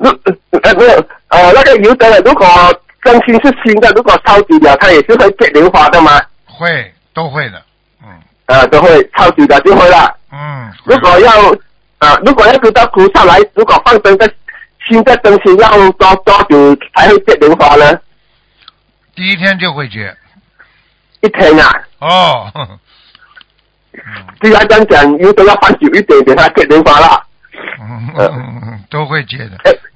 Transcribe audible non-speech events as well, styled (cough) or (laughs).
呃呃呃那個油燈如果燈芯是新的，如果超級它也是會接的嗎？會，都會的。嗯、呃，都會，超級就會嗯如、呃。如果要，如果要上來，如果放燈的新的燈芯要多多久呢？第一天就會接。一天啊？哦。講， (laughs) 油燈要放久一點，點它嗯嗯嗯，嗯呃、都會接的。欸